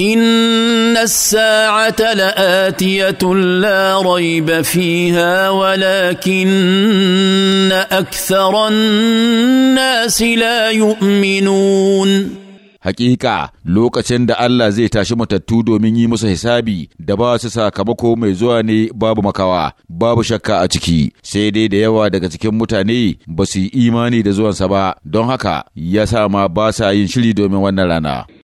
ان الساعه لاتيه لا ريب فيها ولكن اكثر الناس لا يؤمنون Hakika lokacin da Allah zai tashi matattu domin yi musu hisabi da ba su sakamako mai zuwa ne babu makawa, babu shakka a ciki, sai dai da yawa daga cikin mutane ba su yi imani da zuwansa ba, don haka ya sa ma ba sa yin shiri domin wannan rana.